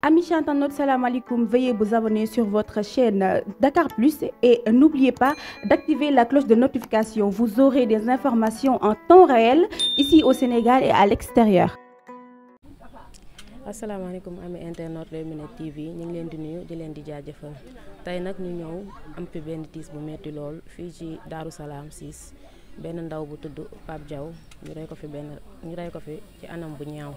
Amis chers internautes, salam alaikum. Veuillez vous abonner sur votre chaîne Dakar Plus et n'oubliez pas d'activer la cloche de notification. Vous aurez des informations en temps réel ici au Sénégal et à l'extérieur. asalaamaaleykum ami internet Leewtoo Minute TV ñu ngi leen di nuyu di leen di jaajëfal tey nag ñu ñëw am fi benn tiis bu metti lool fii ci Daaru Salaam 6 benn ndaw bu tudd Pape jaw ñu ko fi ñu rey ko fi ci anam bu ñaaw.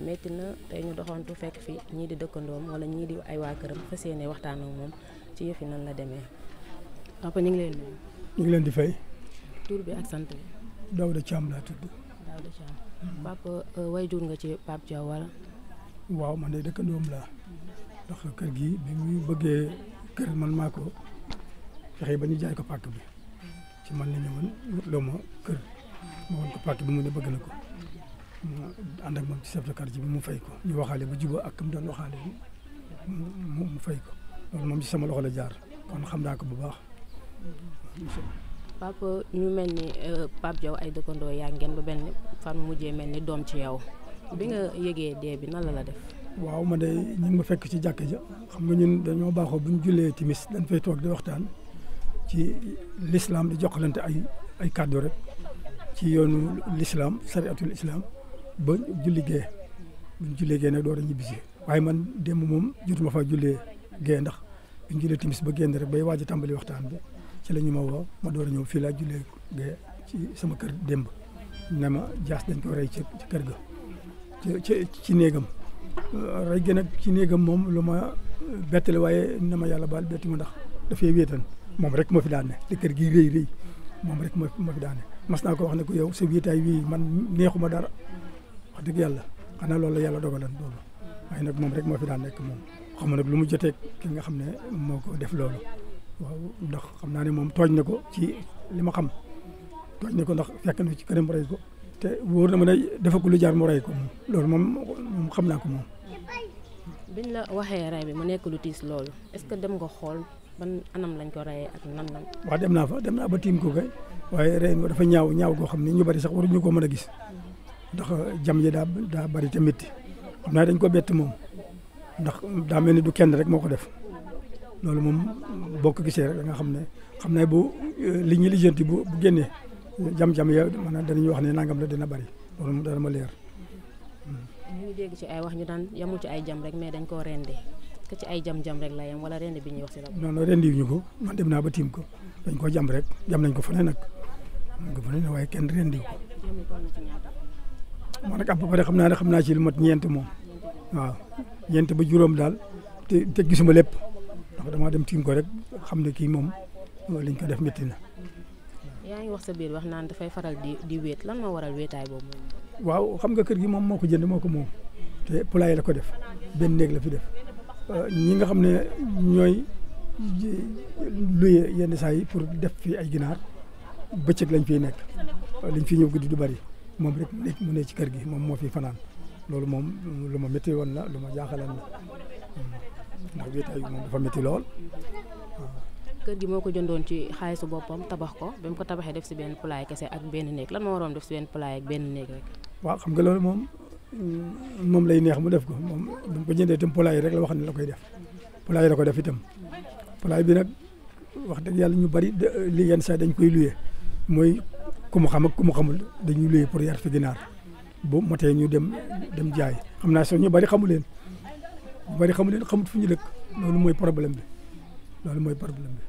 métti na tey ñu doxantu fekk fi ñii di dëkkandoom wala ñii di ay waa këram fas yéene waxtaan ak moom ci yëf yi la demee. papa ñu ngi leen ñu ngi leen di fay. tur bi ak sant bi. Daouda Thiam laa tudd. Daouda Thiam papa euh, way jur nga ci Pape Diaw waaw man de dëkkandoom laa ndax kër gi bi muy bëggee kër man maa ko fexe ba ñu jaay ko pàkk bi ci man la ñëwoon loo ma kër ma woon ko pàkk bi mu ne bëgg na ko. ma ànd ak moom ci chef de quartier bi mu fay ko ñu waxaale bu jubóo ak mu doon waxaale mu fay ko loolu moom ci sama loxo la jaar kon xam naa ko bu baax. papa ñu mel ni euh, Pape Diaw ay dëkkandoo yaa ngeen ba benn fan mujjee mel ni doom ci yow bi nga yégee dee bi nan la def. waaw ma de ñu ma fekk ci jàkk ja xam nga ñun dañoo baaxoo bu ñu jullee timis dañ fay toog di waxtaan ci l'islam di joxalante ay ay kàddu ci yoonu l'islam sariatul islam ba julli gee buñ jullee gee nag door a ñibbisi waaye man démb moom jotuma faa jullee gee ndax buñ jullee timis ba génn rek bay waaj a tàmbali waxtaan bi ci la ñu ma woo ma door a ñëw fii laa jullee gee ci sama kër demb na ma jaas dañ ko rey ci kër ga ci ci néegam euh, gi nag ci néegam moom lu ma euh, bettale waaye na ma yàlla baal betti ndax dafay wéetan moom rek moo fi daan ne kër gi rëy rëy moom rek moo fi daan ne mas naa ko wax ne ko yow sa wéetaay wii man neexuma dara wax dëgg yàlla xanaa loolu la yàlla dogaloon loolu waaye nag moom rek moo fi daan nekk moom xam nag lu mu jotee ki nga xam ne moo ko def loolu waaw xam naa ne moom tooñ na ko ci li ma xam tooñ na ko ndax fekk na ci këram rey ko te wóor na ma ne ko lu jaar mu ko moom loolu moom moom xam naa ko moom. biñ la waxee rey bi mu nekk lu tiis loolu est-ce que dem nga xool ban anam lañ ko reyee ak nan nan. waaw dem naa fa dem naa ba tiim ko kay waaye rey dafa ñaaw ñaaw goo xam ne ñu bari sax ñu ko mën a gis. ndax jam yi daa daa bari te métti xam naa dañ ko bett moom ndax daa mel ni du kenn rek moo ko def loolu moom boo ko gisee rek da nga xam ne xam naa bu euh, li ñu lijjanti bu bu génnee jam-jam ya maanaam danañu wax ne nangam la dina bari loolu moom daa ma leer. Mm. ñu ngi dégg ci ay wax ñu daan yamul ci ay jam rek mais dañ koo rendi que ci ay jam-jam rek la yam bi ñuy wax ci rab. non non rendi ñu ko man dem naa ba tiim ko dañ ko jam rek jam nañ ko fa ne nag dañ ko fa ne waaye kenn rendi ko. man nag à peu près xam naa ne xam naa ci lu mot ñeent moom waaw ñeent ba juróom daal te te gisuma lépp ndax damaa dem tiim ko rek xam ne kii moom liñ ko def métti na. yaa wax sa biir wax naan dafay faral di di wéet lan moo waral wéetaay boobu moom. waaw xam nga kër gi moom moo ko jënd moo ko moom te poulailler la ko def benn néeg la fi def euh, ñi nga xam ne ñooy luye yenn saa yi pour def fi ay ginaar bëccëg lañ fiy nekk liñ fi ñëw guddi du bari. moom rek nekk mu ne ci kër gi moom moo fi fanaan loolu moom lu ma métti woon la lu ma jaaxalan la hmm. ndax wéetaay bi moom dafa métti lool kër gi moo ko jëndoon ci xaalisu boppam tabax ko ba mu ko tabaxee def si benn pulaay kese ak benn néeg lan moo waroon def si benn pulaay benn néeg rek waaw xam nga loolu moom hmm, moom lay neex mu def ko moom bu ko jëndee itam pulaay rek la wax ne la koy def pulaay la ko def itam pulaay bi nag wax dëgg yàlla ñu bari li yenn saa dañ koy luye mooy ku mu xam ak ku xamul dañuy luye pour yar fi ginaar bu motee ñu dem dem jaay xam naa sax ñu bari xamu leen ñu bari xamu leen xamut fu ñu dëkk loolu mooy problème bi loolu mooy problème bi.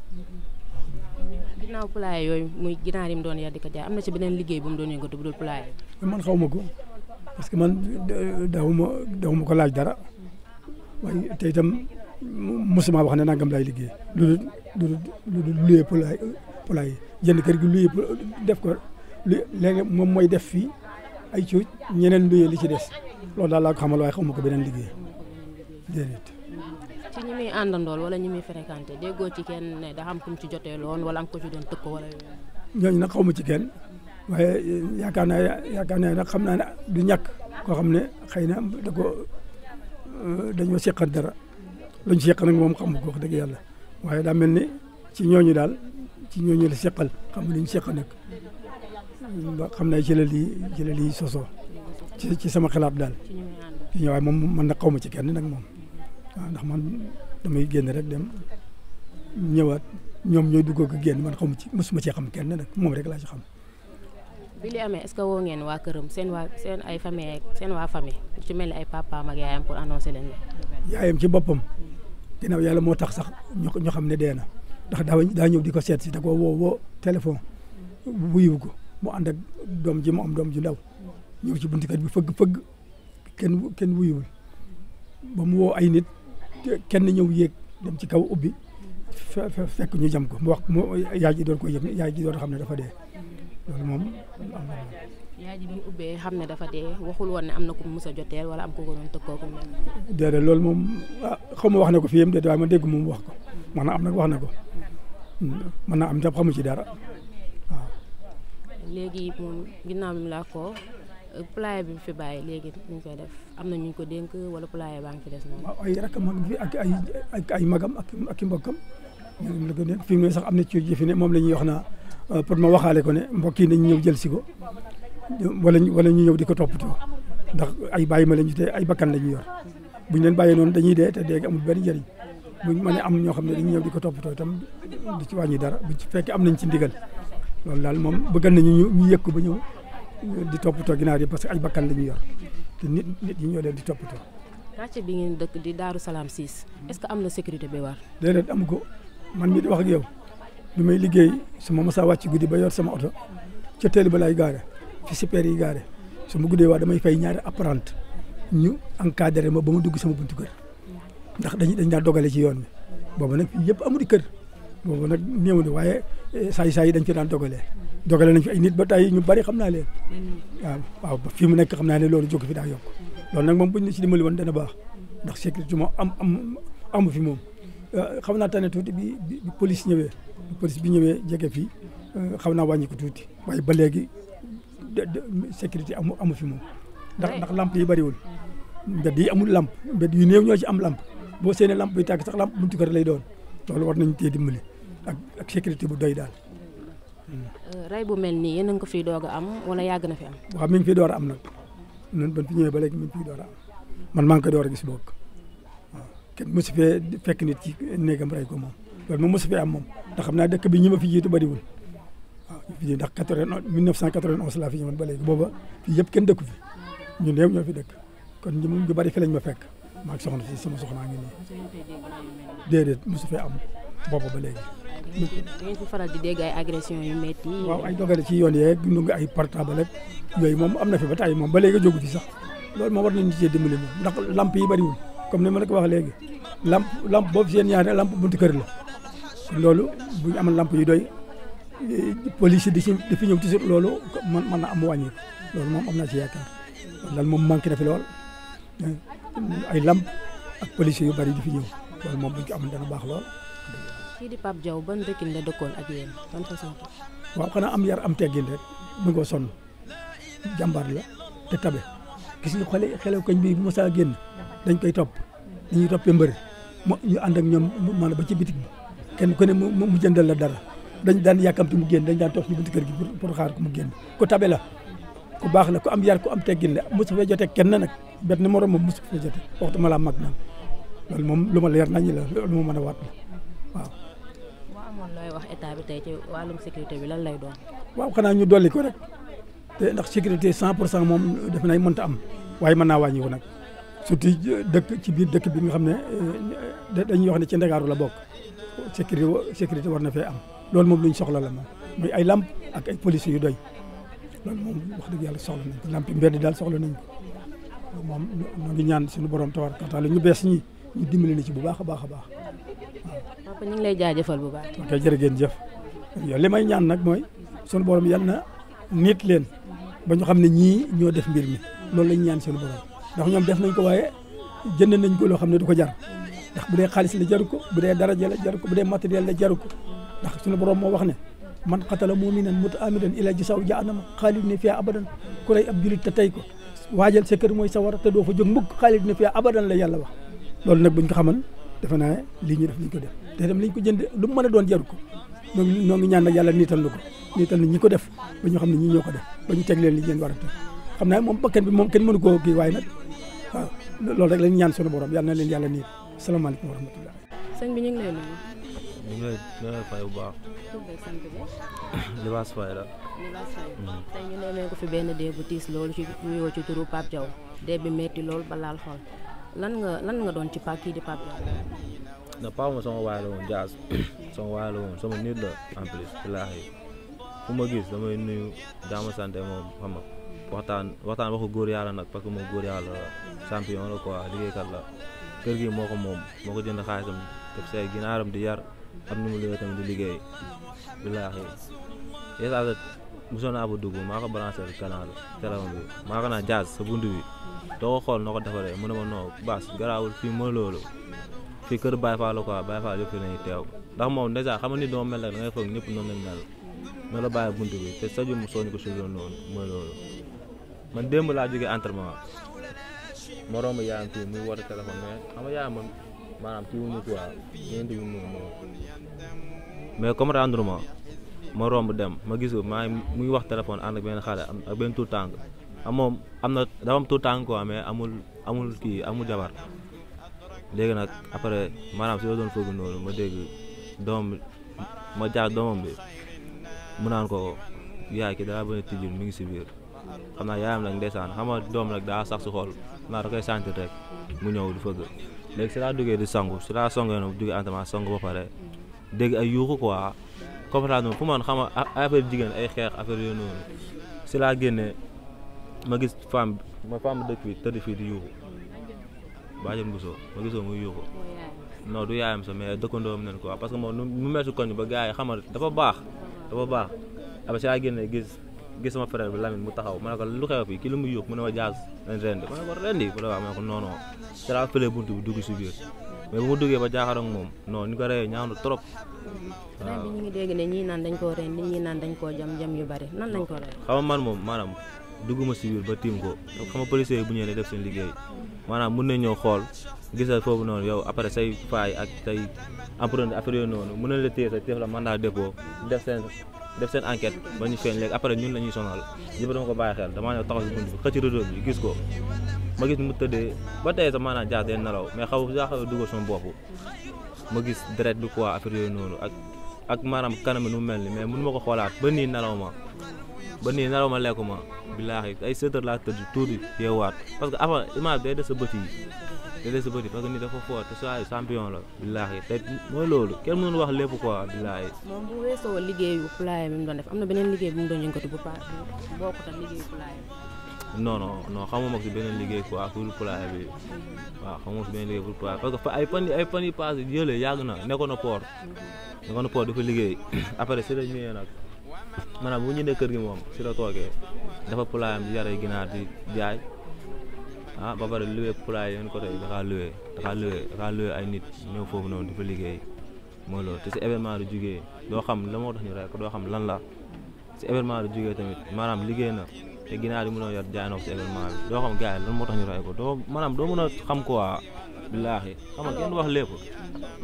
yooyu muy ginaar yi mu am na ci beneen liggéey bu mu doon yëngatu man xaw ma ko parce que man dawuma ma ko laaj dara waaye te itam mosuma wax ne nangam lay liggéey lu dul lu dul lu luye poulailler jënd kër gi luye def ko. lu léegi moom mooy def fii ay cuuj ñeneen luyee li ci des loolu daal laa ko xamal waaye xamuma ko beneen liggéey déedéet. ci ñi muy àndandool wala ñi muy fréquenté déggoo kenn ne da xam ku mu ci jotee loon wala am ko ci doon tëkk wala. ñooñu nag xaw ma ci kenn waaye eh, yaakaar naa yaakaar naa nag xam naa ne du ñàkk koo xam ne xëy na da ko eh, seqal dara luñ seq nag moom xam ko dëgg yàlla waaye daa mel ni ci ñooñu daal ci ñooñu la seqal xam nga li ñu seq nekk ba xam ne ci la lii ci la lii sosoo ci sama xalaat daal ci waaye moom man nag xaw ma ci kenn nag moom waaw ndax man damay génn rek dem ñëwaat ñoom ñooy dugg ak génn man xaw ma ci mosuma cee xam kenn nag moom rek laa ci xam. bi li amee est-ce que woo ngeen waa këram seen waa seen ay famille seen waa famille ci mel ni ay papaam ak yaayam pour annoncer leen yaayam ci boppam a yàlla moo tax sax ñu xam ne dee na ndax daa daa ñëw di ko seet si da ko woo woo téléphone wuyu ko. mu ànd doom ji mu am doom ji ndaw ñëw ci buntu kër bi fëgg fëgg kenn kenn wuyuwul ba mu woo ay nit kenn ñëw yéeg dem ci kaw ubbi fekk ñu jam ko mu wax mu yaay ji doon ko yëg yaay ji doon xam ne dafa dee loolu moom xam ne dafa dee waxul woon ne am na ku a joteel wala am ko doon tëkkoo ku mel déedéet loolu moom ah, xaw ma wax na ko fii yem déedéet waaye ma dégg moom wax ko maanaam am na wax na ko hmm, mën naa am tam xamu ci dara léegi moom ginnaaw bi mu làkkoo poulailler bi mu fi bàyyi léegi ñu koy def am na ñu ko denk wala poulailler baa ngi fi des noonu. waaw ay ay ay magam ak ak i mbokkam ñoom la ko dégg fi mu ne sax am na ci jëfi ne moom la ñuy wax naa euh, pour ma waxaale ko ne mbokk yi nañu ñëw jël si ko wala wala ñu ñëw di ko toppatoo ndax ay bàyyi ma la ñu te ay bakkan la ñu yor bu ñu leen bàyyee noonu dañuy dee te dee amul benn njëriñ bu ñu mënee am ñoo xam ne dañuy ñëw di ko toppatoo itam di ci wàññi dara bu ci fekkee am nañ ci ndigal loolu daal moom bëgg nañu ñu ñu yëkk ba ñëw di toppatoo ginaar yi parce que ay bakkan la ñuy yor te nit nit ñi ñoo leen di toppatoo. quartier bi ngeen dëkk di Daaru Salaam 6 est que am na sécurité bi war. déedéet amu ko man mii di wax yow bi may liggéey su ma masaa wàcc guddi ba yor sama oto ca teel ba laay gaare fi sipeer yi gaare su ma guddee waa damay fay ñaari apprenti ñu encadré ma ba mu dugg sama buntu kër ndax dañu dañ daa dogale ci yoon bi boobu nag fii yëpp amul kër. boobu nag néew na waaye eh, saay saay yi dañ ci daan dogale dogale nañ fi ay nit ba tey ñu bari xam naa leen waaw waaw ba fii mu nekk xam naa ne loolu jóg fi daa yokk loolu nag moom buñ la ci dimbali woon dana baax ndax sécurité moom am am amu fi moom eh, xam naa tane tuuti bi bi police ñëwee police bi ñëwee jege fii eh, xam naa wàññi ko tuuti waaye ba léegi sécurité amu amu fi moom ndax ndax lamp yi bariwul mbedd yi amul lamp mbedd yu néew ñoo ci am lamp boo seenee lamp yi tàkk sax lamp buntu kër lay doon loolu war nañ tee dimbali ak ak sécurité bu doy daal. Euh, rey bu mel nii yéen a ngi ko fiy doog am wala yàgg na fi am. waaw mi ngi fiy door am nag ñun ban fi ñëwee ba léegi mi ngi fiy man maa ngi koy door a gis bokk waaw kenn mosu fekk nit ci néegam rey ko moom loolu moom mosu am moom ndax xam naa dëkk bi ñi ma fi jiitu bariwul waaw ñu fi jiitu ndax 91 1991 laa fi ñëwoon ba léegi booba yëpp kenn dëkku fi ñun néew ñoo fi dëkk kon ñu ñu bari fi lañ ma fekk maa ngi soxna si sama soxnaa ngi nii déedéet mosu fee am booba ba léegi. da ngeen fi faral di dégg ay agression yu métti. waaw ay dogale ci yoon yee dundu nga ay portable ak yooyu moom am na fi ba taa yi moom ba léegi jógu fi sax loolu moom war nañu cee dimbali moom ndax lamp yi bëriwul comme ni ma ko wax léegi lamp lamp boobu seen ñaari lamp buntu kër la kon loolu bu ñu amoon lamp yu doy eh, police di ci di fi ñëw loolu man mën na am wàññi loolu moom am na ci yaakaar lan moom manqué na fi lool eh, ay lamp ak police yu bëri di fi ñëw loolu moom bu ñu ko amoon baax lool. kii di Pape Diaw ban dëkkin la dëkkoon ak yéen ban façon. waaw xanaa am yar am teggin rek mu ngi ko sonn jàmbaar la te tabe gis nga xale xelew koñ bi bu ma saa génn dañ koy topp dañuy toppee mbër mu ñu ànd ak ñoom a ba ci bitig bi kenn ku ne mu jëndal la dara dañ daan yàkkamti mu génn dañ daan toog ci buntu kër gi pour xaar ko mu génn ko tabe la ku baax la ku am yar ko am teggin la mosu fee jotee kenn nag bet ni moroom moom mosu fee jotee waxtu ma laa mag naan loolu moom lu ma leer nañu la loolu moo mën a waat looy wax état tey ci wàllum sécurité lan lay doon. waaw xanaa ñu dolli ko rek ndax sécurité 100 pour cent moom def nañ mënta am waaye mën naa wàññi ko nag surtout dëkk ci biir dëkk bi nga xam ne euh, dañuy wax ne ci la bokk sécurité sécurité war na fee am loolu moom lu ñu soxla la moom muy ay làmp ak ay police yu doy loolu moom wax dëgg yàlla soxla nañ ko lamp yi mbedd daal soxla nañ ko moom ñu ngi ñaan suñu borom tabaaraka taala ñu bees ñi ñu dimbali na ci bu baax a baax a baax. papa ñu ngi lay jaajëfal bu baax. ok jërëgeen jëf yow li may ñaan nag mooy sunu borom yal na nit leen ba ñu xam ne ñii ñoo def mbir mi loolu lañ ñaan sunu borom ndax ñoom def nañ ko waaye jënd nañ ko loo xam ne du ko jar ndax bu dee xaalis la jaru ko bu dee daraja la jaru ko bu dee matériel la jaru ko ndax sunu borom moo wax ne. man xatala muminan mutaamidan ila jisaw jaanama xaalid ne fiya abadan ku rey ab julit te tey ko waajal sa kër mooy sa war te doo fa jóg mukk xaalid ne fiya abadan la yàlla wax loolu nag buñ ko xamal defe naa lii ñu def liñ ko def te dem liñ ko jënd lu mu mën a doon jaru ko ñoo ngi ñoo ngi ñaan nag yàlla niital na ko niital na ñi ko def ba ñu xam ne ñi ñoo ko def ba ñu teg li ngeen war a teg xam naa moom bakkan bi moom kenn mënu koo kii waaye loolu rek lañ ñaan sunu borom yàlla na leen yàlla niit salaamaaleykum wa rahmatulah. sëñ bi ñu ngi ñu ngi lay ñu ngi lay fay bu baax. Libaas Faye la. Libaas Faye tey ñu nemmeeku fi benn dee ci nuyoo ci turu bi metti loolu ba laal xol. lan nga lan nga doon ci pa kii di Pape Diallo. Pape moom sama waay la woon Dia sama waay la woon sama nit la en plus wallaahi fu ma gis damay nuyu jaama sante moom xam nga waxtaan waxtaan waxu góor yàlla nag parce que moom góor yàlla champion la quoi liggéeykat la kër gi moo ko moom moo ko jënd xaalisam def say ginaaram di yar am na mu liggéey tamit di liggéey billaahi yeesaasa mosoon naa fa dugg maa ko branché canal téléphone bi maa ko naa jaas sa bunt bi doo ko xool noo ko defaree mu ne ma non baas garaawul fii mooy loolu fii kër Baye Fall quoi Baye Fall yëpp fi nañu teew ndax moom dèjà xam nga ni doo mel rek da ngay foog ñëpp noonu lañ mel na la bàyyi buntu bi te saju mu sooñ ko suñu noonu mooy loolu man démb laa jógee entraînement moroom yaayam kii muy woote téléphone mais xam nga yaayam man maanaam kii wu ñu quoi ñeenti wu ñu mais comme rendement ma romb dem ma gis ko maa ngi muy wax téléphone ànd ak benn xale am ak benn tuut tàng moom am na dafa am tout temps quoi mais amul amul kii amul jabar léegi nag après maanaam si doon foofu noonu ma dégg doom ma jaar doomam bi mu naan ko yaay ki dara bañ tijjul mi ngi si biir xam naa yaayam nag ndeysaan xam nga doom nag a sax si xool naa da koy sentir rek mu ñëw du fëgg léegi si laa duggee di sangu si laa songee noonu duggee entraînement sangu ba pare dégg ay yuuxu quoi comprendre fu man xam nga affaire jigéen ay xeex affaire yooyu noonu ma gis femme ma femme dëkk bi tëdd fii di yuuxu bàjjen bu soo ma gisoo muy yuuxu non du yaayam sax mais dëkkandoom nañ quoi parce que moom nu mel si koñ ba gars yi dafa baax dafa baax après si laa génne gis gis sama frère bi Lamine mu taxaw ma ne ko lu xew fii ki lu mu ne ma jaas nañ rendi ma ne ko rendi la wax ma ne dugg si biir mais bu mu duggee ba jaaxar moom non ni ko reyee ñaaw na trop. Mm-hmm. waaw bi ñii naan dañ koo rendi ñii naan dañ jam jam yu bari nan lañ ko rey. xam man moom maanaam dugguma si biir ba tiim ko xam nga policiers yi bu ñëwee def seen liggéey maanaam mun na ñëw xool gisal foofu noonu yow après say faay ak say empreinte affaire yooyu noonu mun na la téye sa def la mandat dépôt def seen def seen enquête ba ñu feeñ léegi après ñun la ñuy sonal ñëpp dama ko bàyyi xel damaa ñëw taxaw si bunt bi xëcc réseau bi gis ko ma gis mu tëddee ba tey sax maanaam jaas day nelaw mais xaw yaa xaw dugal sama bopp ma gis deret bi quoi affaire yooyu noonu ak ak maanaam kanam nu mu ni mais mënu ma ko xoolaat ba nii nelaw ma ba nii naraw ma lekku ma billaahi ay sept heures laa tëdd tuuti yeewaat parce que avant image day des sa bët yi day des sa bët yi parce que nii te saa mooy loolu kenn mënul wax lépp quoi billaahi. moom bu weesoo liggéeyu poulailler bi mu doon def am na beneen liggéey bu mu doon yëngatu bu paa bokkut ak liggéeyu poulailler non non ko si beneen liggéey quoi pour poulailler bi waaw xamuma si beneen liggéey pour poulailler parce ay fan ay fan yu passé yële yàgg na nekkoon na port mm-hmm. nekkoon na dafa liggéey après si la nag. maanaam bu ñu jëndee kër gi moom si la toogee dafa pulaayam di yare ginaar di jaay ah ba pare luwee pulaay yeneen côté yi dafa luwee dafa luwee dafa luwee ay nit ñëw foofu noonu di liggéey mooy loolu te si événement du jugee doo xam la moo tax ñu rek doo xam lan la si événement du jugee tamit maanaam liggéey na te ginaar yi mënoo yor jaay na ko si événement bi doo xam gars yi moo tax ñu rey ko doo maanaam doo mën a xam quoi billaahi xam nga kenn wax lépp.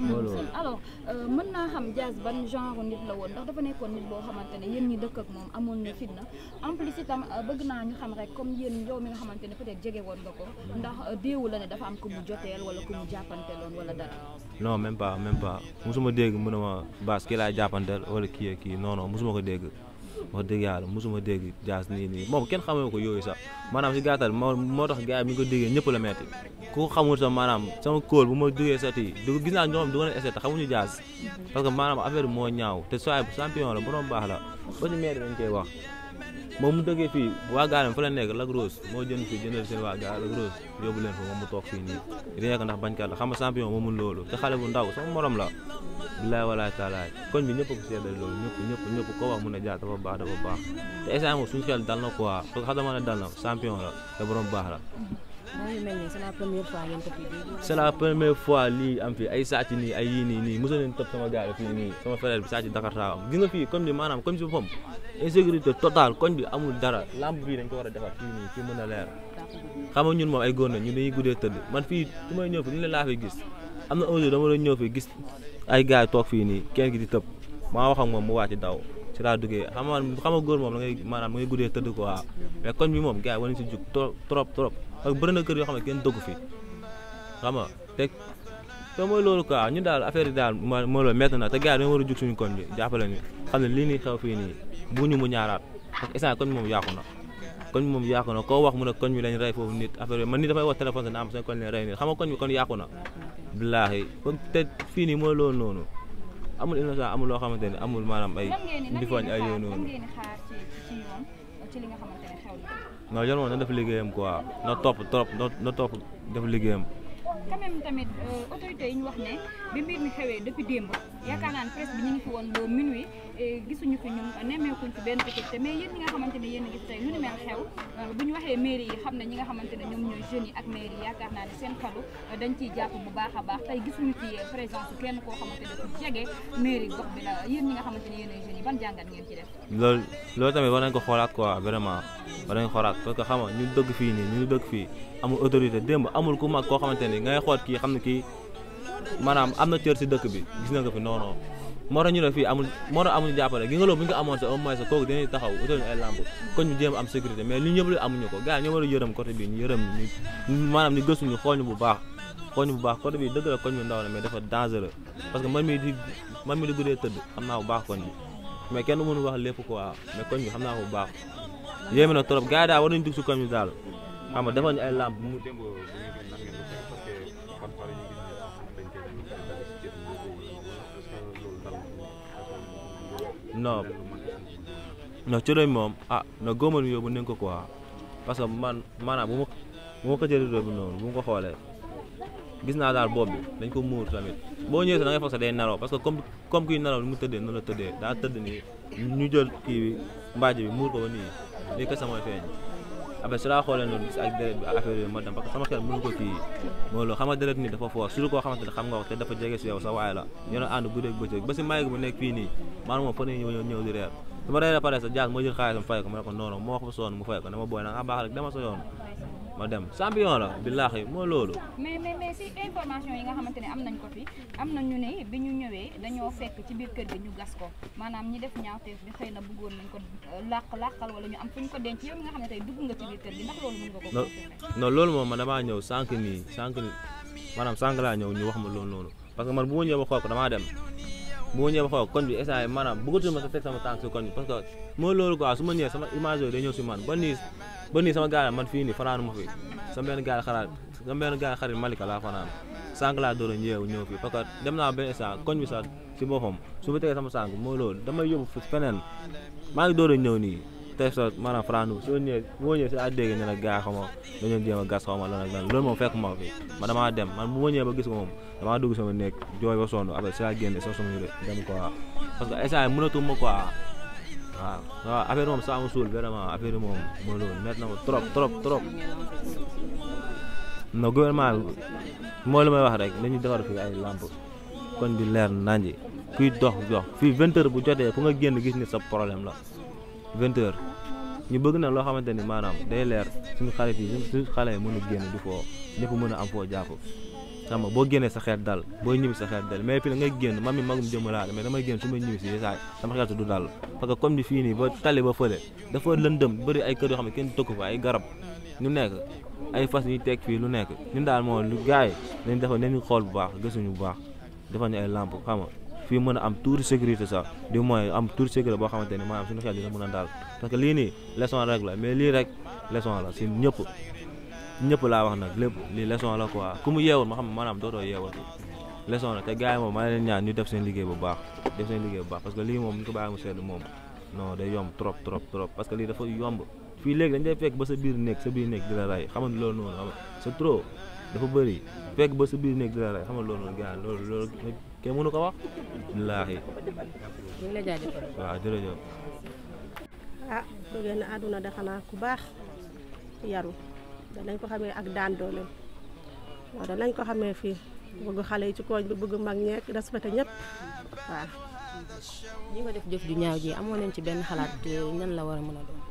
loolu alors euh, mën naa xam Diaz ban genre nit la woon ndax dafa nekkoon nit boo xamante ne ñi dëkk ak moom amoon na fitna en itam euh, bëgg naa ñu xam rek comme yéen yow mi nga xamante ne peut jege woon nga ko ndax euh, déewu la ne dafa am ku mu joteel wala ku mu jàppanteeloon wala dara. non même pas même pas musuma dégg mu ne ma baas kii laa jàppanteel wala kii ak kii non musuma ko dégg. wax dëgg yàlla mosuma dégg jaas nii nii moom kenn xamee ko yooyu sax maanaam si gàttal moo moo tax gars yi mi ko déggee ñëpp la metti ku ko xamul sax maanaam sama kóol bu ma duggee sat yi du gis naa ñoo xam du ma leen xamuñu jaas parce que maanaam affaire moo ñaaw te sooy champion la borom baax la ba ñu metti dañ koy wax moom mu dëggee fii waa gaalam fa la nekk Lac Rose moo jënd fii jëndal seen waa gaal Lac Rose yóbbu leen fa moom mu toog fii nii rien que ndax bañkat la xam nga champion moo mun loolu te xale bu ndaw sama morom la bilaay walaay taalaay koñ bi ñëpp ko seedal loolu ñëpp ñëpp ñëpp ko wax mun a jaar dafa baax dafa baax te instant moom suñu xel dal na quoi a que xam dama ne dal na champion la te borom baax la c'est la première fois lii am fii ay sàcc nii ay yii nii nii mosoon nañu topp sama gaal fii nii sama frère bi sàcc Dakar taa am gis nga fii comme bi maanaam comme si boppam insécurité totale koñ bi amul dara lamb bii dañ ko war a defar fii nii fii mën a leer xam nga ñun moom ay góor na ñun dañuy guddee tëdd man fii su may ñëw fi li laa fi gis am na un jour dama ñëw fi gis ay gars toog fii nii kenn ki di tëb maa wax ak moom mu wàcc daw ci laa duggee xam nga xam nga góor moom da maanaam da ngay guddee tëdd quoi mais koñ bi moom gars yi wanañ si jug trop trop ak bëri na kër yoo xam ne kenn dëggu fi xam nga te te mooy loolu quoi ñu daal affaire yi daal moo loolu métti na te gars yi dañoo war a jug koñ bi jàppale ñu xam ne lii ni xew fii nii bu ñu mu ñaaraat parce koñ moom yàqu na koñ moom yàqu na koo wax mu ne koñ bi lañ rey foofu nit affaire man nit dafay wax téléphone sa naam seen koñ lañ rey nit xam a koñ bi kon yàqu na bilaahi kon te fii nii mooy loolu noonu amul innocent amul loo xamante ne amul maanaam ay ndifooñ ay yooyu non yoon moom na def liggéeyam quoi na topp trop na topp def liggéeyam. quand même tamit euh, yi ñu wax ne bi mbir mi xewee depuis démb yaakaar naa ne presse bi ñu ngi fi woon ba minuit eh, gisuñu fi ñun nemmeekuñ fi benn pété mais yéen ñi nga xamante ne gis tey lu ni mel xew euh, bu ñu waxee mairie yi xam ne ñi nga xamante ñoom ñooy jeunes ak mairie yaakaar naa ne seen xalu euh, dañ ciy jàpp bu baax a baax tey gisuñu ci euh, présence kenn koo xamante ku jege mairie gox ñi nga xamante ne yéen ban jàngat ngeen ci def loolu loolu tamit war nañ ko xoolaat quoi vraiment ko xoolaat parce que xam nga ñu dëgg fii nii ñu dëgg fii amul amul ku mag koo xamante ne maanaam am na cër si dëkk bi gis na nga fi non non moo ta ñu ne fii amul moo tax amuñu jàppale gi nga loolu bu ñu ko amoon sax au moins kooku dinañ taxaw amuñu ko gars a yërëm côté bi ñu yërëm ñu maanaam ñu gëstuñu xool ñu bu baax xool ñu bu baax côté bi dëgg la koñ na mais dafa dangereux parce que man mi di di guddee tëdd xam naa ko bu baax yéeme na trop gars ñu ay làmp mu non non ci réew moom ah na góoman yóbbu nañ ko quoi parce que man maanaam bu ma bu ma ko jëlee réew mi noonu bu ma ko xoolee gis naa daal bopp bi dañ ko muur tamit boo ñëwee sax da ngay sax day naraw parce que comme comme kuy naraw ni mu tëddee noonu la tëddee daal tëdd nii ñu jël kii mbaaj bi muur ko ba nii lii kese mooy feeñ. après ah, su laa xoolee noonu gis ak déret bi affaire yooyu ma dem parce que sama xel mënu ko kii moo loolu xam nga déret nii dafa fort surtout koo xamante ne xam nga wax te dafa jege si yow sa waay la ñoo ànd guddeeg bëccëg ba si maay bu nekk fii nii maanaam moom fa ne ñëw ñëw di reer su ma reeree pare sa jaas moo jël xaalisam fay ko ma ne ko noonu moo wax ba sonn mu fay ko dama booy na nga baax rek dama sa yoon ma dem champion la billaahi moo loolu. mais mais mais si information yi nga xamante ne am nañ ko fi am na ñu ne bi ñu ñëwee dañoo fekk ci biir kër gi ñu gas ko maanaam ñi def ñaawteef bi xëy na bëggoon nañ ko euh, làq làqal wala ñu am fu ñu ko denc yow mi nga xam ne tey dugg nga ci biir kër gi ndax loolu mën nga ko. non non loolu moom man damaa ñëw sànq nii sànq nii maanaam sànq laa ñëw ñu wax ma loolu noonu parce que man bu ma ñëw ba xool ko damaa dem. bu ma ñëwee ba xool kon bi instant yii maanaam bëggatul ma sa teg sama tànk si kon bi parce que mooy loolu quoi su ma ñëwee sama image yooyu day ñëw si man ba nii ba nii sama gaal man fii nii fanaanu ma fi sama benn gaal xarit Malika laa fanaan sànq laa doon ñëw ñëw fii parce que dem naa benn instant koñ bi sax si boppam su ma tegee sama sànq moo loolu damay yóbbu feneen maa ngi doon ñëw nii tey soo maanaam Franc soo ñëwee boo ñëwee si àddee ne la gaa xaw ma dañoo jéem a gas xaw loolu moom fekk ma ma damaa dem man bu ma ba gis ko moom damaa dugg sama néeg jooy ba sonn après si laa soo que instant yii ma quoi waaw waaw affaire moom saa ma suul vraiment affaire yi moom mooy na ko trop trop trop. non gouvernement lu may wax rek lañuy defar fii ay lamp kon di leer naññi kuy dox dox fii vingt bu jotee fu nga génn gis ni sa problème la vingt ñu bëgg na loo xamante ni maanaam day leer suñu xarit yi suñu xale yi mën a génn di foo ñëpp mën a am foo jàpp xam nga boo génnee sa xeet dal boo ñibbi sa xeet dal mais fii la génn man mi ma ñibbi si saa sama xeet du dal parce que comme ni fii nii ba tali ba fële dafa lëndëm yoo xam ne kenn tëkku fa ay garab ñu nekk ay fas ñuy teg fii lu nekk ñun daal moo lu gars yi nañ dafa nañu xool bu baax gësuñu bu baax dafa ñu ay làmp xam nga fii mën a am tuur sécurité sax du moins am tuur sécurité boo xamante ni maanaam suñu xeet dina mën a daal parce que lii nii leçon rek la mais lii rek leçon la si ñëpp ñëpp laa wax nag lépp lii leçon la ko quoi ku mu yeewul ma xam maanaam dootoo yeewatu leçon la te gars yi moom maa leen ñaan ñu def seen liggéey bu baax def seen liggéey bu baax parce que lii moom ñu ko bàyyi mu sedd moom non day yomb trop trop trop parce que lii dafa yomb fii léegi dañ lay fekk ba sa biir néeg sa biir néeg di la rey xamal loolu noonu xam trop dafa bëri fekk ba sa biir néeg di la rey xamal loolu noonu gars ko wax. wallaahi. waaw ah jóge àdduna de xanaa ku baax yaru danañ ko xamee ak daan doole waaw danañ ko xamee fii bëgg xale yi ci kooñ bi bëgg mag ñeek respecté ñëpp ko def jëf ju ñaaw ji amoon nañ ci benn xalaat nan eh, la war mën a doon.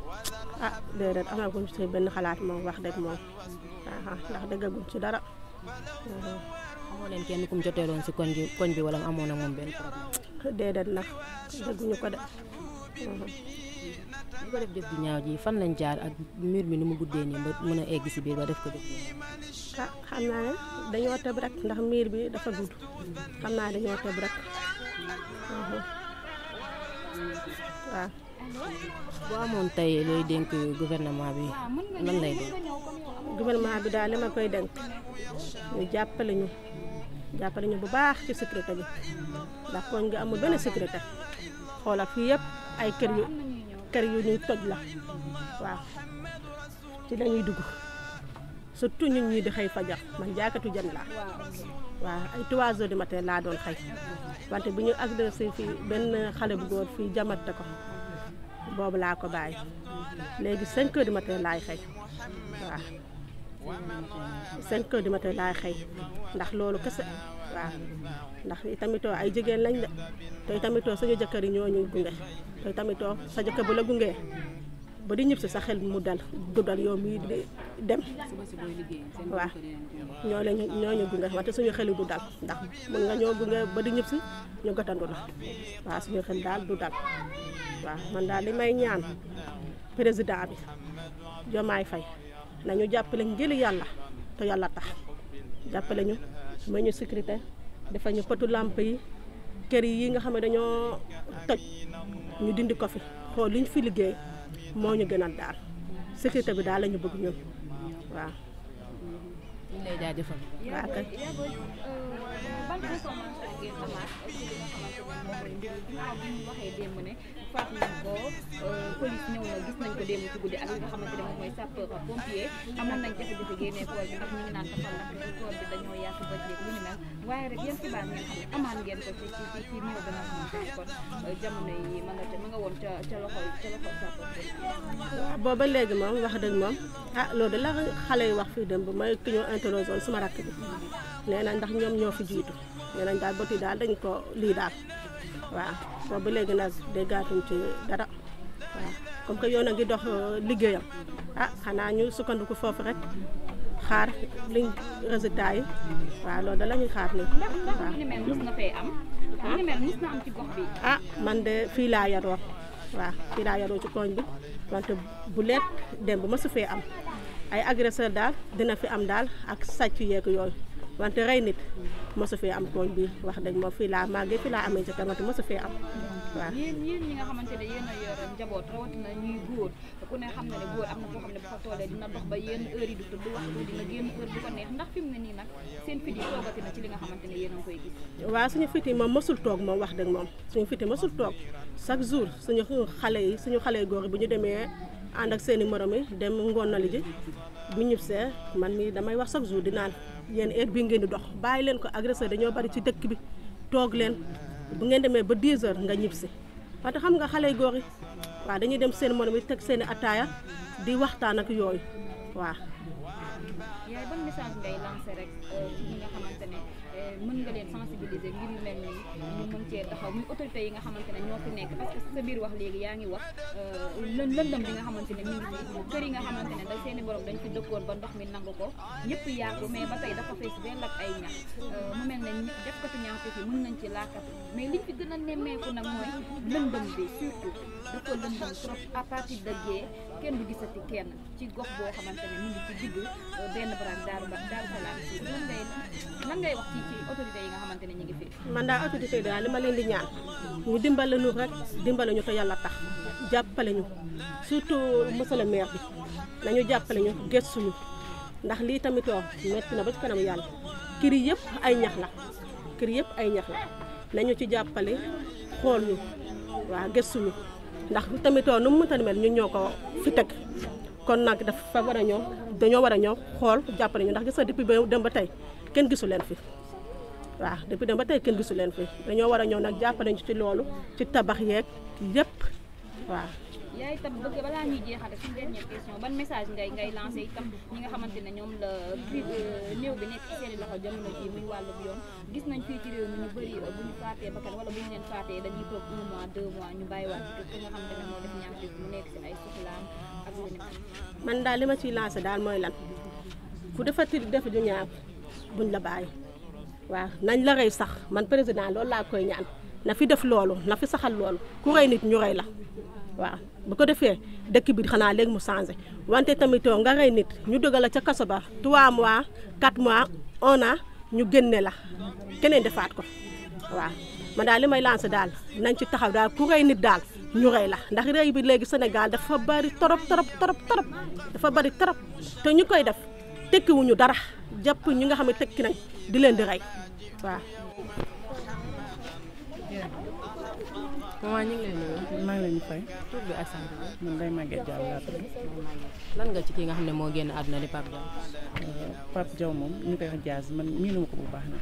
ah déedéet benn xalaat moom wax dëgg moom ndax dëggaguñ ci dara. amoo leen kenn kum joteeloon si koñ bi koñ bi wala amoon na moom benn problème. déedéet nag dëgguñu ko de. bu ko def fan lañ jaar ak mur mi ni mu guddee nii ba mën a egg si biir ba def ko def ah xam naa ne dañoo tëb rek ndax miir bi dafa gudd xam naa dañoo tëb rek mhm. waaw boo amoon tey looy dénk gouvernement bi lan lay doon gouvernement bi daal li ma koy denk ñu jàppale ñu jàppale ñu bu baax ci sécurité bi ndax koñ nga amul benn sécurité xoolal fii yëpp ay kër yu kër yu ñuy toj la waaw ci la dugg surtout ñun ñii di xëy fajar man jaakatu jën laa waaw ay 3 heures du laa doon xëy wante bu ñu agressé fii benn xale bu góor fii jamatte ko boobu laa ko bàyyi léegi 5 heures du laay xëy waaw 5 heures du laay xëy ndax loolu kese. waaw ndax itamitoo ay jigéen lañ de te itamitoo suñu jëkkër yi ñoo ñuy gunge te itamitoo sa jëkkër bu la gungee ba di ñib si sa xel mu dal dudal yow mii di dem waaw ñoo lañ ñoo ñu gunge wante suñu xel du dal ndax mën nga ñoo gunge ba di ñib si ñu gëtandu la waaw suñu xel daal du dal waaw man daal di may ñaan président bi fay Faye nañu jàppale ngir yàlla te yàlla tax jàppale ñu moo ñu sécurité dafa ñu potu làmp yi kër yi nga xam ne dañoo toj ñu dindi ko fi xool li ñu fi liggéey moo ñu gënal daal sécurité bi daal lañu bëgg ñun waaw. bi nga commencé ak yéen Amath aussi ne moom mooy mbir ginnaaw bi ñu waxee démb ne guddi ak li nga xamante ne moom mooy sapeur pompier amoon nañ jafe bi ndax ñu ngi naan dafa yàq ba ni mel waaye rek yan xibaar ngeen xam ne amaan ko ci ci yi ma nga nga woon ca ca loxo ca loxo sapeur pompier. waaw booba léegi moom wax dëgg moom ah loolu la xale yi wax fii bu mooy ki ñoo interroger woon suma rakk bi nee ndax ñoom ñoo fi jiitu nee nañ daal bët yi daal dañ ko lii daal waaw boobu ba léegi nag déggaatuñ ci dara waaw comme que yoon a ngi dox euh, liggéeyam ah xanaa ñu sukkandiku foofu rek xaar liñ résultat yi waaw loolu da lañuy xaar nii hmm? ah man de fii laa yaroo waaw fii laa yaroo ci koñ bi wante bu leet dem ba ma su fee am ay agresseur daal dina fi am daal ak sàcc yeeg yooyu wante rey nit mosu fee am tooñ bi wax dañ moom fii laa màggee fii laa amee ca wante mosu fee am waaw yéen nga xamante ne yéen a yor njaboot am na foo dina dox ba yenn ndax fi mu seen fit yi li nga xamante ne yéen a koy gis waaw suñu fit yi moom mosul toog moom wax dëgg moom suñu fit yi mosul toog chaque jour suñu xale yi suñu xale góor yi bu ñu demee ànd ak seen i morom yi dem ngoonali ji bu ñib see man mii damay wax chaque jour di naan yéen heure bi ngeen di dox bàyyi leen ko agresseur dañoo bari ci dëkk bi toog leen bu ngeen demee ba 10 heures nga ñib si wante xam nga xale góor yi waaw dañuy dem seen morom yi teg seeni i di waxtaan ak yooyu waa yaay ban cee taxaw muy autorité yi nga xamante ne ñoo fi nekk parce que sa biir wax léegi yaa ngi wax euh, lën lëndëm bi nga xamante ne mi ngi fi kër yi nga xamante ne da seeni borom dañ fi dëkkoon ba ndox mi nangu ko ñëpp yàqu mais ba tey dafa fees benn ak ay ñax euh, mu mel ne def ko ci ñaxtu fi mën nañ ci làkkatu mais liñ fi gën a nemmeeku nag mooy lëndëm bi surtout dafa lëndëm trop à partir de kenn du gisati kenn ci gox boo xamante ne mu ngi ci digg euh, benn barab daaru ba daaru lan ngay lan yi nga xamante ne ñu ngi fi. man daal autorité yi daal li ma leen di ñaan ñu dimbale ñu rek dimbale ñu ko yàlla tax jàppale ñu surtout monsieur le maire bi nañu jàppale ñu gëstu ñu ndax lii tamit wax metti na ba ci kanam yàlla kër yëpp ay ñax la kër yëpp ay ñax la nañu ci jàppale xool ñu waaw gëstu ndax tamitoo nu mu mënta mel ñun ñoo ko fi teg kon nag daf fa war a ñëw dañoo war a ñëw xool jàppale ñu ndax gis nga depuis ba dem ba tey kenn gisu leen fi waa depuis dem ba tey kenn gisu leen fi dañoo war a ñëw nag jàppale ñu ci loolu ci tabax yeeg yépp waaw yaay itam bëgg balaa ñuy jeexale suñu dernière message ngay ngay lancé itam ñi nga xamante ne ñoom la cri euh, néew bi nekk ci seen loxo jamono ji muy wàllum yoon gis nañ fii ci réew bëri bu ñu wala bu ñu leen faatee dañuy toog un mois deux mois ñu bàyyiwaat ki nga xamante ne moo man daal li ma ciy lancé daal mooy lan fu defa tëdd def du ñaaw buñ la bàyyi waaw nañ la rey sax man président loolu laa koy ñaan na fi def loolu na fi saxal loolu ku rey nit ñu rey la waaw bu ko defee dëkk bi xanaa léegi mu changé wante tamit nga rey nit ñu dugal la ca kaso ba 3 mois 4 mois 1 an ñu génne la keneen defaat ko waaw. man daal li may lancé daal nañ ci taxaw daal ku rey nit daal ñu rey la ndax rey bi léegi senegal dafa bari torop torop torop dafa bari torop te ñu koy def tekkiwuñu dara jàpp ñi nga xam ne tekki nañ di leen di rey waaw. maman ñu ngi maa ngi leen di fay. tur bi ak sant bi. man lan nga ci ki nga xam ne moo génn àdduna di Pape Diaw. Eh, Pape Diaw moom ñu koy jaas Diaz man miinu ko bu baax na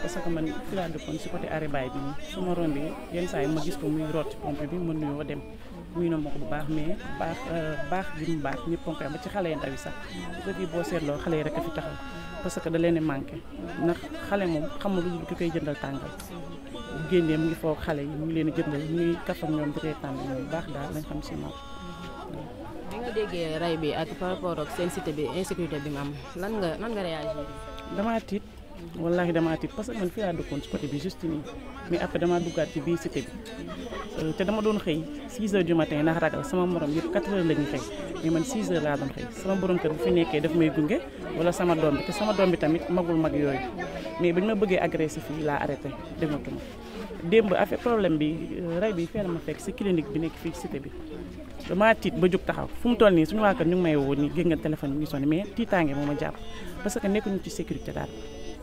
parce que man fi laa dëkkoon si côté baay bi nii su ma rombee yenn saa yi ma gis ko muy root ci pompe bi ma nuyoo dem. miinu ma ko bu baax mais baax euh, baax bi mu baax ñëpp pompe ba ci xale yi ndaw yi sax su ko boo seetloo xale yi rek a fi taxaw parce que da leen a manqué ndax xale moom xamul lu ki koy jëndal tàngal. génnee mu ngi foog xale yi mu leen a jëndal mu ngi kafam ñoom baax daal lañ xam si moom. bi bi ak par rapport seen cité bi insécurité bi mu am lan nga lan nga réagir. damaa tiit wallaahi damaa tiit parce que man fii dëkkoon ci côté bi juste nii mais après damaa duggaat ci biir cité bi euh, te dama doon xëy 6 heures du matin ndax ragal sama morom yëpp 4 heures la ñu xëy mais man 6 heures laa doon xëy sama borom kër bu fi nekkee daf may gunge wala sama doom bi te sama doom bi tamit magul mag yooyu mais bañ ma bëggee agressif yi laa arrêté dematuma. démb affaire problème bi euh, rey bi fee na ma fekk si clinique bi nekk fii cité bi damaa tiit ba jóg taxaw fu mu toll nii suñu waa ñu may woon nii gën nga téléphone bi ngi sonné mais tiitaange moo ma jàpp parce que nekkuñu ci sécurité daal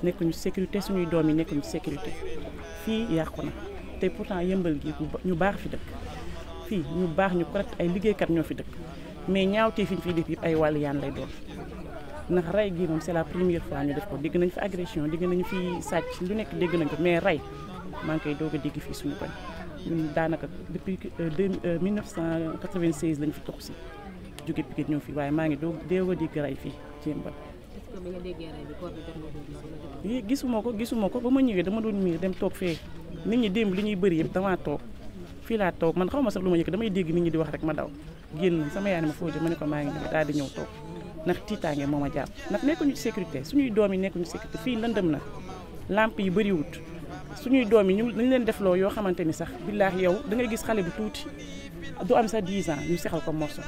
nekkuñu sécurité suñuy doom yi nekkuñu ci sécurité fii yàqu na te pourtant yëmbal gi ñu baax fi dëkk fii ñu baax ñu correct ay liggéeykat ñoo fi dëkk mais ñaaw tee fi ñu fi def yëpp ay wàllu yaan lay doon ndax rey gi moom c'est la première fois ñu def ko dégg nañ fi agression dégg nañu fi sàcc lu nekk dégg nañ ko mais rey maa koy doog a dégg fii suñu koñ ñun daanaka depuis euh, deux euh, mille neuf cent quatre-vingt-seize lañ fi tox si jóge Pikine ñëw fii waaye maa ngi doog doog a dégg rey fii Jémbal gisuma ko gisuma ko ba ma ñëwee dama doon miir dem toog fee nit ñi démb li ñuy bëri yëpp damaa toog fii laa toog man xaw ma sax lu ma yëg damay dégg nit ñi di wax rek ma daw génn sama yaay ma foo jëm ma ne ko maa ngi ñëw daal di ñëw toog ndax tiitaange moo ma jàpp ndax nekkuñu sécurité suñuy doom yi nekkuñu sécurité fii lëndëm na lamp yi bëriwut suñuy doom yi ñu dañu leen defloo yoo xamante ni sax billaahi yow da ngay gis xale bu tuuti du am sax 10 ans ñu sexal ko morso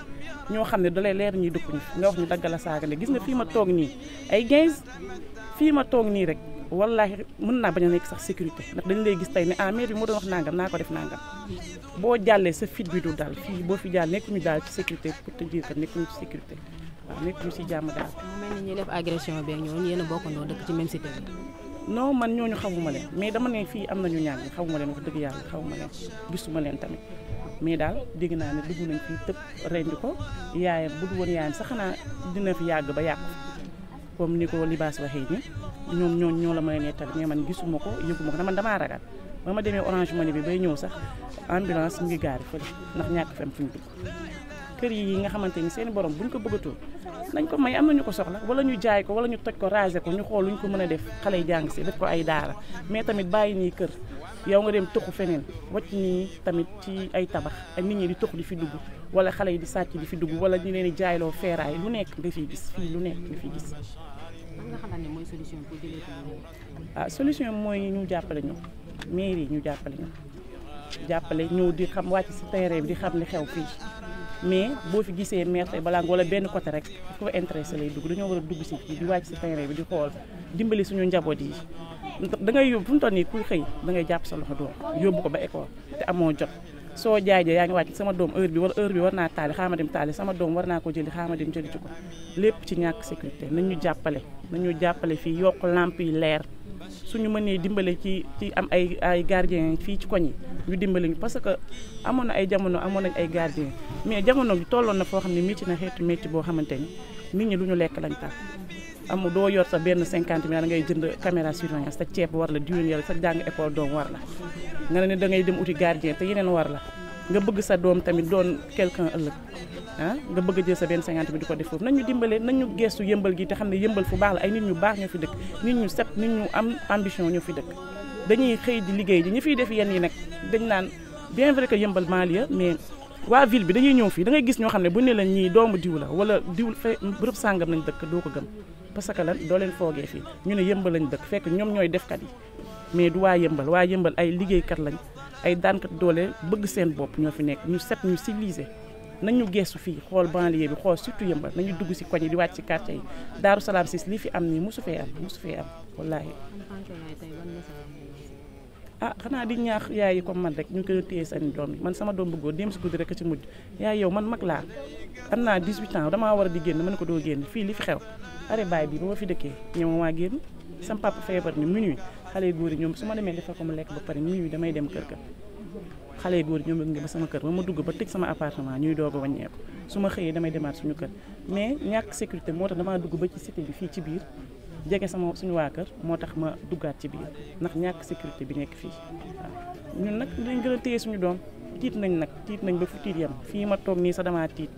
ñoo xam ne dalay leer ñuy dëkk ñu nga wax ñu daggal a saagale gis nga fii ma toog nii ay 15 fii ma toog nii rek wallaahi mën naa bañ a nekk sax sécurité ndax dañ lay gis tey ne ah maire bi moo doon wax nangam naa ko def nangam boo jàllee sa fit bi du daal fii boo fi jàll nekkuñu daal ci sécurité pour te dire que nekkuñu ci sécurité waaw nekkuñu ci jàmm daal. mu ni ñuy def agression beeg ñooñu yéen a bokkandoo dëkk ci même cité bi. non man ñooñu xawuma leen mais dama ne fii am nañu ñaar ñi xamuma leen wax dëgg yàlla xamuma leen gisuma leen tamit mais daal dégg naa ne dugg nañ fii tëb rendi ko yaayam bu du woon yaayam sax xanaa dina fi yàgg ba yàq comme ni ko libaas waxee ni ñoom ñoo ñoo la may nettal mais man gisuma ko yëguma ko man damaa ragal ba ma demee orange money bi bay ñëw sax ambulance mu ngi gaari fële ndax ñàkk fem fu ñu dugg kër yi nga xamante ni seen borom buñ ko bëggatul nañ ko may am na ñu ko soxla wala ñu jaay ko wala ñu toj ko raser ko ñu xool luñ ko mën a def xale yi jàng si def ko ay daara mais tamit bàyyi nii kër yow nga dem tuxu feneen wacc ñi tamit ci ay tabax ak nit ñi di tux di fi dugg wala xale yi di sàcc di fi dugg wala ñu leen di jaayloo feeraay lu nekk nga fiy gis fii lu nekk nga fiy gis. nga xamante ne mooy solution pour jëlee ah solution mooy ñu jàppale ñu mairie ñu jàppale ñu jàppale ñëw di xam wàcc si terrain bi di xam li xew fii. mais boo fi gisee maire tey balaa wala benn côté rek daf ko intéressé lay dugg dañoo war a dugg si fii di wàcc si terrain bi di xool dimbali suñu njaboot yi da ngay yóbbu mu toll nii kuy xëy da ngay jàpp sa loxo doom yóbbu ko ba école te amoo jot soo jaajee yaa ngi wàcc sama doom heure bi wala heure bi war naa taali xaama dem taali sama doom war naa ko jëli xaama dem jëli ci ko lépp ci ñàkk sécurité nañ ñu jàppale nañ ñu jàppale fii yokk lamp yi leer su ñu suñu nee dimbale ci ci am ay ay gardien fii ci koñ yi ñu dimbale ñu parce que amoon na ay jamono amoon nañ ay gardien mais jamono bi tolloon na foo xam ne métti na xeetu métti boo xamante ni nit ñi lu ñu lekk lañ tax amu doo yor sa benn cinquante mille da ngay jënd caméra surveillance sa ceeb war la diwlin yàlla sa jàng école doom war la nga ne da ngay dem uti gardien te yeneen war la nga bëgg sa doom tamit doon quelqu'un ëllëg ah nga bëgg a jël sa benn cinquante bi di ko def foofu nañu dimbale nañu gestu yëmbal gi te xam ne yëmbal fu baax la ay nit ñu baax ñoo fi dëkk nit ñu set nit ñu am ambition ñoo fi dëkk dañuy xëy di liggéey ji ñu fiy def yenn yi nag dañ naan bien vrai que yëmbal Malia mais waa ville bi dañuy ñëw fii da ngay gis ñoo xam ne bu ne la ñii doomu diw la wala diw fe bërëb sàngam nañ dëkk doo ko gëm parce que lan doo leen foogee ñu ne yëmbal lañ dëkk fekk ñoom ñooy defkat yi mais du waa yëmbal waa yëmbal ay liggéeykat lañ ay daankat doole bëgg seen bopp ñoo fi nekk ñu set ñu civilisé nañu geesu fii xool banlieue bi xool surtout yëmbal nañu dugg si koñ yi di wàcc ci quartier yi Daaru Salaam sis lii fi am nii musu fee am mosu fee am wallaahi ah xanaa di ñaax yaay yi comme man rek ñu ngi koy téye seen doom yi man sama doom bu góor dem si guddi rek ci mujj yaay yow man mag laa am naa 18 ans damaa war a di génn mën ko doo génn fii li fi xew are baay bi ba ma fi dëkkee ñëw maa génn sama papa feebar ni minuit xale yu góor yi ñoom su ma demee defal ko mu lekk ba pare minuit damay dem kër ga xale yu góor yi ñoom bëgg ba sama kër ba ma dugg ba teg sama appartement ñuy doog a wàññeeku su ma xëyee damay demaat suñu kër mais ñàkk sécurité moo tax damaa dugg ba ci cité bi fii ci biir jege sama suñu waa kër moo tax ma duggaat ci biir ndax ñàkk sécurité bi nekk fii waaw ñun nag dinañ gën a téye suñu doom tiit nañ nag tiit nañ ba fu tiit yam fii ma toog nii sax damaa tiit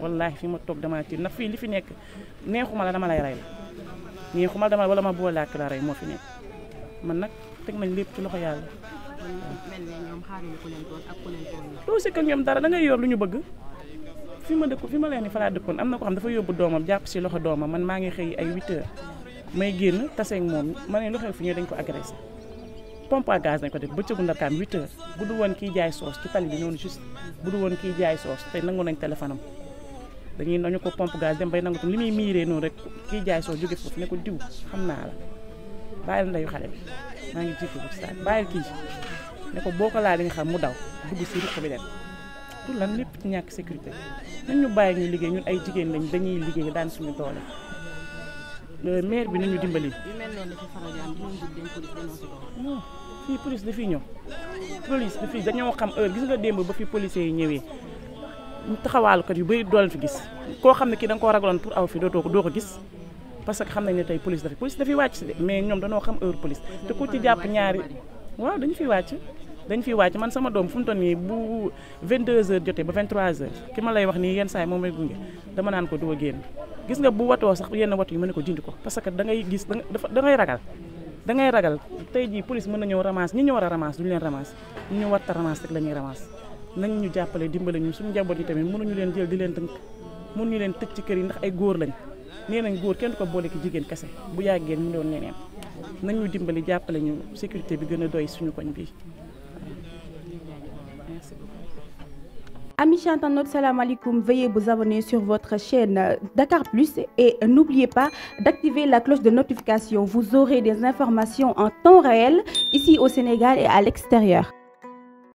wallaahi fii ma toog damaa tiit ndax fii li fi nekk neexuma la dama lay rey la neexuma la wala ma boolaak la moo fi nekk man nag teg nañ lépp ci loxo yàlla. waaw si ak ñoom dara da ngay yor lu ñu bëgg. fi ma dëkk fi ma leen ni falaa dëkkoon am na ko xam dafa yóbbu doomam jàpp si loxo doomam man maa ngi xëy ay 8 heures may génn taseeg moom ma ne lu xew fi ñëw dañ ko agressé. pompe à gaz dañ ko def bëccëgu ndarkaam 8 heures bu du woon kiy jaay soos ci tali bi noonu juste bu du woon kiy jaay soos te nangu nañ téléphone am dañuy nañu ko pompe gaz dem bay nangu tam li muy miiree noonu rek kiy jaay soos jóge foofu ne ko xam naa bàyyil ndeyu xale bi maa ngi jiitu bu saat bàyyil kii ne ko boo ko laa li nga xam mu daw dugg si ruq bi dem pour lan lépp ci ñàkk sécurité nañ ñu bàyyi ñu liggéey ñun ay jigéen lañ dañuy liggéey daan suñu doole maire bi nañu dimbali. fii police dafiy ñëw police dafiy dañoo xam heure gis nga démb ba fi policiers yi ñëwee taxawaalukat yu bëri dool fi gis koo xam ne kii da ko koo ragaloon pour aw fi dootoo ko doo ko gis parce que xam nañ ne tey police dafa police dafay wàcc si de mais ñoom dañoo jàpp ñaari waaw dañu fiy wàcc dañ fiy wàcc man sama doom fu mu toll nii bu 22h jotee ba 23h ki ma lay wax nii yenn saa moom may gunge dama naan ko du a génn gis nga bu watoo sax yenn watu yi mën ne ko dindi ko parce que da ngay gis da ngay ragal da ngay ragal tey jii police mën na ñëw ramasse ñi ñu war a ramasse duñu leen ramasse ñu ñu war a ramasse rek la ñuy ramasse nañ ñu jàppale dimbale ñu suñu njaboot yi tamit mënuñu leen jël di leen tënk mënuñu leen tëj ci kër yi ndax ay góor lañ nee nañ góor kenn du ko boole ki jigéen kese bu yàggee mu doon neneen nañ ñu dimbali jàppale ñu sécurité bi gën a doy suñu koñ bi Amis chantants, salam alaikum. Veuillez vous abonner sur votre chaîne Dakar Plus et n'oubliez pas d'activer la cloche de notification. Vous aurez des informations en temps réel ici au Sénégal et à l'extérieur.